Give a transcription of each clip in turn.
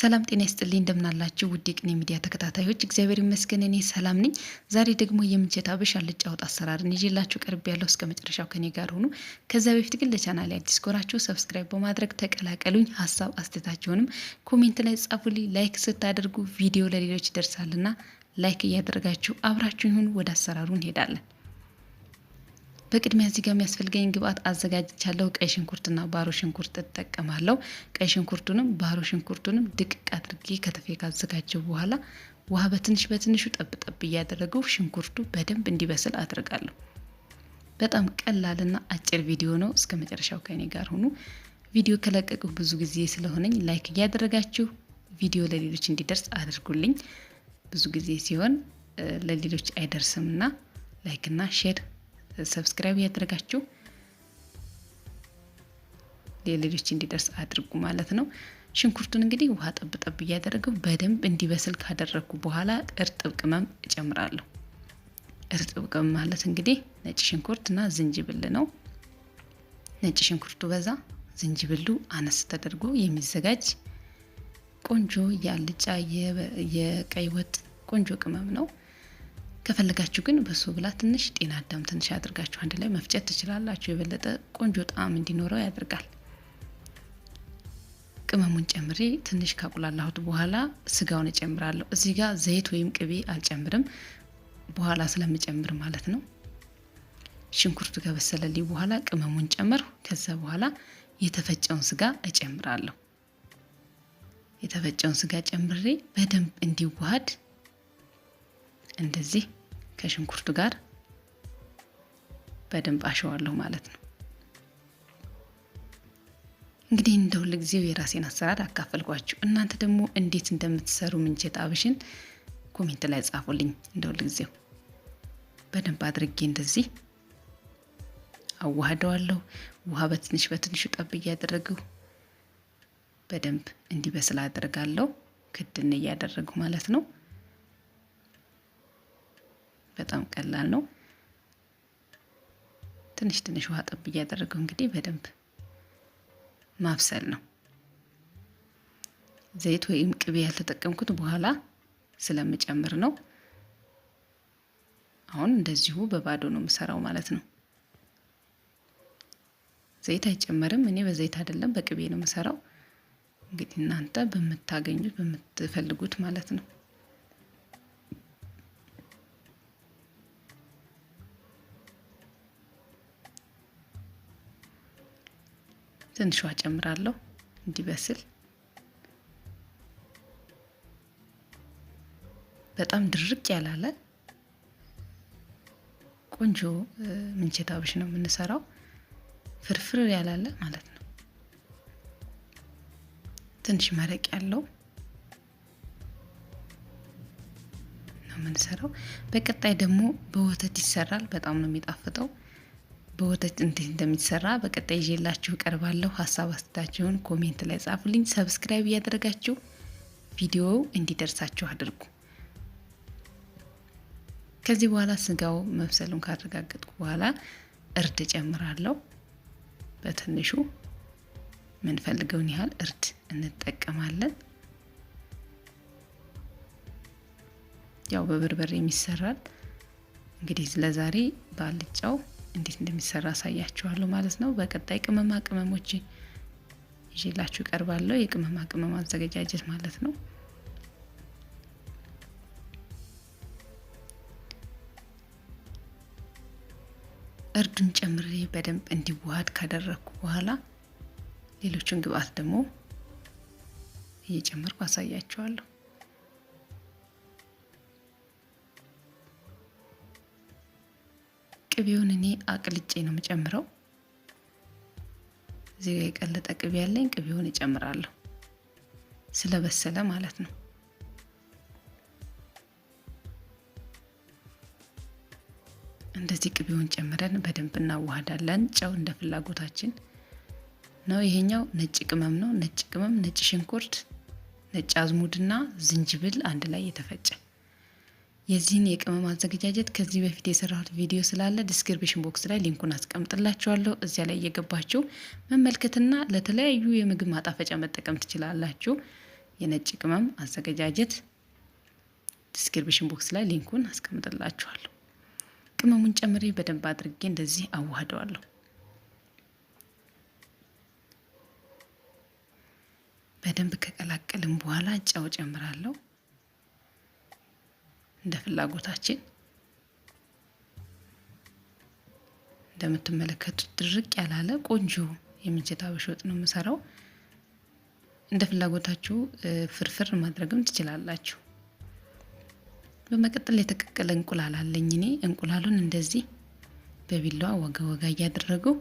ሰላም ጤና ይስጥልኝ እንደምናላችሁ ውድ የቅኔ ሚዲያ ተከታታዮች፣ እግዚአብሔር ይመስገን እኔ ሰላም ነኝ። ዛሬ ደግሞ የምንቸት አብሽ አልጫ ወጥ አሰራርን ይዤላችሁ ቀርብ ያለው እስከ መጨረሻው ከኔ ጋር ሆኑ። ከዚያ በፊት ግን ለቻናል አዲስ ከሆናችሁ ሰብስክራይብ በማድረግ ተቀላቀሉኝ። ሀሳብ አስተታችሁንም ኮሜንት ላይ ጻፉልኝ። ላይክ ስታደርጉ ቪዲዮ ለሌሎች ይደርሳልና ላይክ እያደረጋችሁ አብራችሁ ይሁን። ወደ አሰራሩ እንሄዳለን። በቅድሚያ እዚህ የሚያስፈልገኝ ግብአት አዘጋጅቻለሁ። ቀይ ሽንኩርትና ባሮ ሽንኩርት እጠቀማለሁ። ቀይ ሽንኩርቱንም ባሮ ሽንኩርቱንም ድቅቅ አድርጌ ከተፌ ካዘጋጀው በኋላ ውሃ በትንሽ በትንሹ ጠብጠብ እያደረገው ሽንኩርቱ በደንብ እንዲበስል አድርጋለሁ። በጣም ቀላልና አጭር ቪዲዮ ነው። እስከ መጨረሻው ከኔ ጋር ሁኑ። ቪዲዮ ከለቀቅሁ ብዙ ጊዜ ስለሆነኝ ላይክ እያደረጋችሁ ቪዲዮ ለሌሎች እንዲደርስ አድርጉልኝ። ብዙ ጊዜ ሲሆን ለሌሎች አይደርስምና ላይክና ሼር ሰብስክራይብ እያደረጋችሁ ለሌሎች እንዲደርስ አድርጉ ማለት ነው። ሽንኩርቱን እንግዲህ ውሃ ጠብጠብ እያደረገው በደንብ እንዲበስል ካደረግኩ በኋላ እርጥብ ቅመም እጨምራለሁ። እርጥብ ቅመም ማለት እንግዲህ ነጭ ና ዝንጅብል ነው። ነጭ ሽንኩርቱ በዛ ዝንጅብሉ አነስ ተደርጎ የሚዘጋጅ ቆንጆ የአልጫ የቀይ ወጥ ቆንጆ ቅመም ነው። ከፈለጋችሁ ግን በሱ ብላ ትንሽ ጤና አዳም ትንሽ አድርጋችሁ አንድ ላይ መፍጨት ትችላላችሁ። የበለጠ ቆንጆ ጣዕም እንዲኖረው ያደርጋል። ቅመሙን ጨምሬ ትንሽ ካቁላላሁት በኋላ ስጋውን እጨምራለሁ። እዚህ ጋር ዘይት ወይም ቅቤ አልጨምርም፣ በኋላ ስለምጨምር ማለት ነው። ሽንኩርቱ ከበሰለልኝ በኋላ ቅመሙን ጨመርሁ። ከዛ በኋላ የተፈጨውን ስጋ እጨምራለሁ። የተፈጨውን ስጋ ጨምሬ በደንብ እንዲዋሃድ እንደዚህ ከሽንኩርቱ ጋር በደንብ አሸዋለሁ ማለት ነው። እንግዲህ እንደ ጊዜው የራሴን አሰራር አካፈልኳችሁ። እናንተ ደግሞ እንዴት እንደምትሰሩ ምንቸት አብሽን ኮሜንት ላይ ጻፉልኝ። እንደ ሁልጊዜው በደንብ አድርጌ እንደዚህ አዋህደዋለሁ። ውሃ በትንሽ በትንሹ ጠብ እያደረግሁ በደንብ እንዲበስል አድርጋለሁ። ክድን እያደረጉ ማለት ነው። በጣም ቀላል ነው። ትንሽ ትንሽ ውሃ ጠብ እያደረገው እንግዲህ በደንብ ማብሰል ነው። ዘይት ወይም ቅቤ ያልተጠቀምኩት በኋላ ስለምጨምር ነው። አሁን እንደዚሁ በባዶ ነው የምሰራው ማለት ነው። ዘይት አይጨመርም። እኔ በዘይት አይደለም በቅቤ ነው የምሰራው። እንግዲህ እናንተ በምታገኙት በምትፈልጉት ማለት ነው። ትንሿ ጨምራለሁ እንዲበስል። በጣም ድርቅ ያላለ ቆንጆ ምንቸት አብሽ ነው የምንሰራው። ፍርፍር ያላለ ማለት ነው። ትንሽ መረቅ ያለው ነው የምንሰራው። በቀጣይ ደግሞ በወተት ይሰራል። በጣም ነው የሚጣፍጠው። በወተት እንዴት እንደሚሰራ በቀጣይ ይዤላችሁ ቀርባለሁ። ሀሳብ አስተያየታችሁን ኮሜንት ላይ ጻፉልኝ። ሰብስክራይብ እያደረጋችሁ ቪዲዮ እንዲደርሳችሁ አድርጉ። ከዚህ በኋላ ስጋው መብሰሉን ካረጋገጥኩ በኋላ እርድ ጨምራለሁ። በትንሹ ምንፈልገውን ያህል እርድ እንጠቀማለን። ያው በበርበሬ የሚሰራል እንግዲህ ለዛሬ ባልጫው እንዴት እንደሚሰራ አሳያችኋለሁ ማለት ነው። በቀጣይ ቅመማ ቅመሞች ይዤላችሁ ቀርባለሁ። የቅመማ ቅመም አዘገጃጀት ማለት ነው። እርዱን ጨምሬ በደንብ እንዲዋሃድ ካደረግኩ በኋላ ሌሎቹን ግብአት ደግሞ እየጨመርኩ አሳያችኋለሁ። ቅቤውን እኔ አቅልጬ ነው የምጨምረው። እዚህ ጋር የቀለጠ ቅቤ ያለኝ ቅቤውን እጨምራለሁ፣ ስለበሰለ ማለት ነው። እንደዚህ ቅቤውን ጨምረን በደንብ እናዋህዳለን። ጨው እንደ ፍላጎታችን ነው። ይሄኛው ነጭ ቅመም ነው። ነጭ ቅመም፣ ነጭ ሽንኩርት፣ ነጭ አዝሙድና ዝንጅብል አንድ ላይ የተፈጨ የዚህን የቅመም አዘገጃጀት ከዚህ በፊት የሰራሁት ቪዲዮ ስላለ ዲስክሪፕሽን ቦክስ ላይ ሊንኩን አስቀምጥላችኋለሁ። እዚያ ላይ እየገባችሁ መመልከትና ለተለያዩ የምግብ ማጣፈጫ መጠቀም ትችላላችሁ። የነጭ ቅመም አዘገጃጀት ዲስክሪፕሽን ቦክስ ላይ ሊንኩን አስቀምጥላችኋለሁ። ቅመሙን ጨምሬ በደንብ አድርጌ እንደዚህ አዋህደዋለሁ። በደንብ ከቀላቀልም በኋላ ጨው ጨምራለሁ። እንደ ፍላጎታችን እንደምትመለከቱት ድርቅ ያላለ ቆንጆ የምንቸት አበሽ ወጥ ነው የምሰራው። እንደ ፍላጎታችሁ ፍርፍር ማድረግም ትችላላችሁ። በመቀጠል የተቀቀለ እንቁላል አለኝ። እኔ እንቁላሉን እንደዚህ በቢላዋ ወጋ ወጋ እያደረገው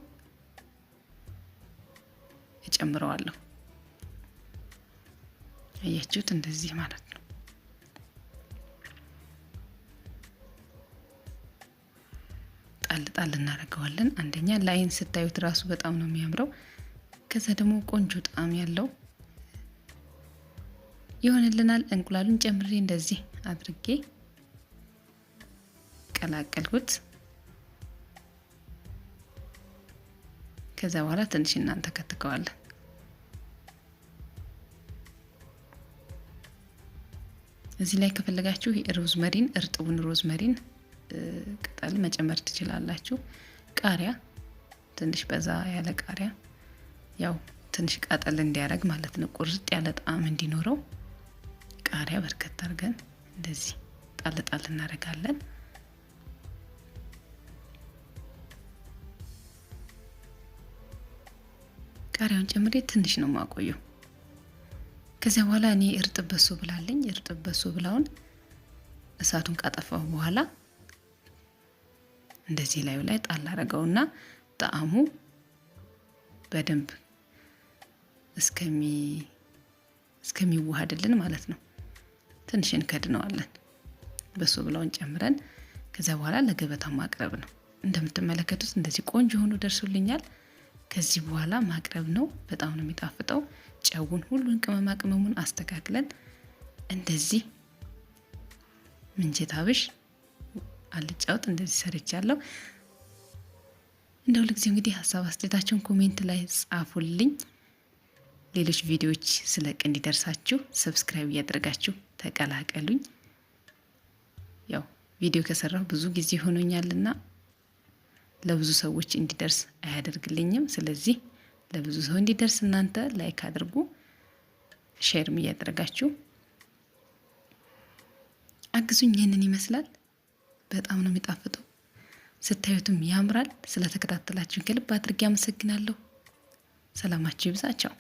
እጨምረዋለሁ። አያችሁት? እንደዚህ ማለት ነው። ጣል ጣል እናደርገዋለን። አንደኛ ለአይን ስታዩት ራሱ በጣም ነው የሚያምረው። ከዛ ደግሞ ቆንጆ ጣዕም ያለው ይሆንልናል። እንቁላሉን ጨምሬ እንደዚህ አድርጌ ቀላቀልኩት። ከዛ በኋላ ትንሽ እናንተ ከትከዋለን። እዚህ ላይ ከፈለጋችሁ ሮዝመሪን እርጥቡን ሮዝመሪን ቅጠል መጨመር ትችላላችሁ። ቃሪያ ትንሽ በዛ ያለ ቃሪያ ያው ትንሽ ቃጠል እንዲያደርግ ማለት ነው፣ ቁርጥ ያለ ጣዕም እንዲኖረው ቃሪያ በርከት አድርገን እንደዚህ ጣል ጣል እናደርጋለን። ቃሪያውን ጨምሬ ትንሽ ነው የማቆየው። ከዚያ በኋላ እኔ እርጥበት በሶ ብላለኝ፣ እርጥብ ብላውን እሳቱን ካጠፋው በኋላ እንደዚህ ላዩ ላይ ጣል አረገውና ጣዕሙ በደንብ እስከሚዋሃድልን ማለት ነው። ትንሽ እንከድነዋለን። በሱ ብለውን ጨምረን ከዚያ በኋላ ለገበታ ማቅረብ ነው። እንደምትመለከቱት እንደዚህ ቆንጆ ሆኖ ደርሶልኛል። ከዚህ በኋላ ማቅረብ ነው። በጣም ነው የሚጣፍጠው። ጨውን፣ ሁሉን ቅመማ ቅመሙን አስተካክለን እንደዚህ ምንቸት አብሽ አልጫወት እንደዚህ ሰርቻለሁ። እንደ ሁልጊዜ እንግዲህ ሀሳብ አስተያየታችሁን ኮሜንት ላይ ጻፉልኝ። ሌሎች ቪዲዮዎች ስለቅ እንዲደርሳችሁ ሰብስክራይብ እያደረጋችሁ ተቀላቀሉኝ። ያው ቪዲዮ ከሰራሁ ብዙ ጊዜ ሆኖኛልና ለብዙ ሰዎች እንዲደርስ አያደርግልኝም። ስለዚህ ለብዙ ሰው እንዲደርስ እናንተ ላይክ አድርጉ፣ ሼርም እያደረጋችሁ አግዙኝ። ይህንን ይመስላል። በጣም ነው የሚጣፍጠው። ስታዩትም ያምራል። ስለተከታተላችሁ ከልብ አድርጌ አመሰግናለሁ። ሰላማችሁ ይብዛቸው።